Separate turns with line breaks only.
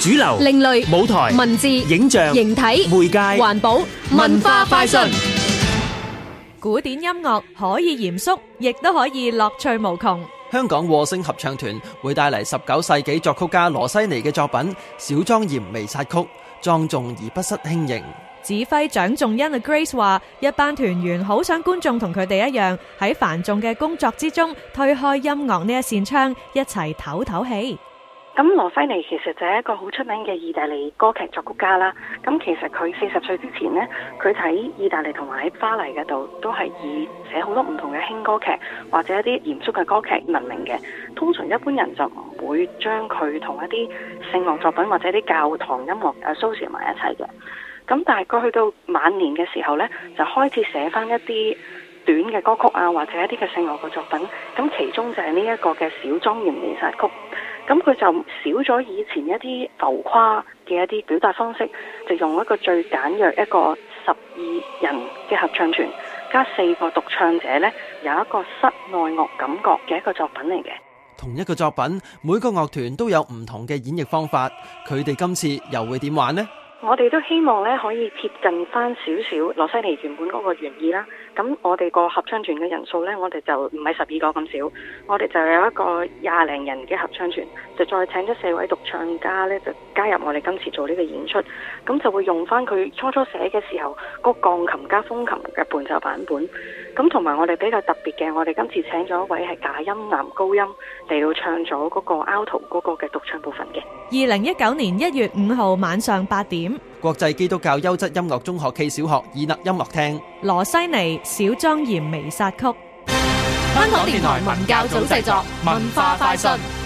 主流、另類舞台、文字、影像、形體、媒介、環保、文化快訊。古典音樂可以嚴肅，亦都可以樂
趣無窮。香港和聲合唱團會帶嚟十九世紀作曲家羅西尼嘅作品《小莊嚴彌撒曲》，莊重而不失輕盈。指揮蔣仲
恩阿 Grace 話：一班團員好想觀眾同佢哋一樣，喺繁重嘅工作之中推開音樂呢一扇窗，一齊唞唞氣。
咁羅西尼其實就係一個好出名嘅意大利歌劇作曲家啦。咁其實佢四十歲之前呢，佢喺意大利同埋喺巴黎嗰度都係以寫好多唔同嘅輕歌劇或者一啲嚴肅嘅歌劇聞名嘅。通常一般人就唔會將佢同一啲聖樂作品或者啲教堂音樂 associate 埋一齊嘅。咁但係過去到晚年嘅時候呢，就開始寫翻一啲短嘅歌曲啊，或者一啲嘅聖樂嘅作品。咁其中就係呢一個嘅小莊嚴彌撒曲。咁佢就少咗以前一啲浮誇嘅一啲表達方式，就用一個最簡約一個十二人嘅合唱團加四個獨唱者咧，有一個室內樂
感覺嘅一個作品嚟嘅。同一個作品，每個樂團都有唔同嘅演繹方法，佢哋今次又會點玩呢？
我哋都希望咧可以接近翻少少羅西尼原本嗰個原意啦。咁我哋個合唱團嘅人數咧，我哋就唔係十二個咁少，我哋就有一個廿零人嘅合唱團，就再請咗四位獨唱家咧，就加入我哋今次做呢個演出，咁就會用翻佢初初寫嘅時候嗰個鋼琴加風琴嘅伴奏版本。咁同埋我哋比較特別嘅，我哋今次請咗一位係假音男高音嚟到唱咗嗰個 alto 嗰個嘅獨唱部分嘅。
二零一九年一月五號晚上八點。
國際基督教優質音樂中學暨小學以立音樂廳，
羅西尼《小莊嚴彌撒曲》。
香港電台
文教組製作，文化快訊。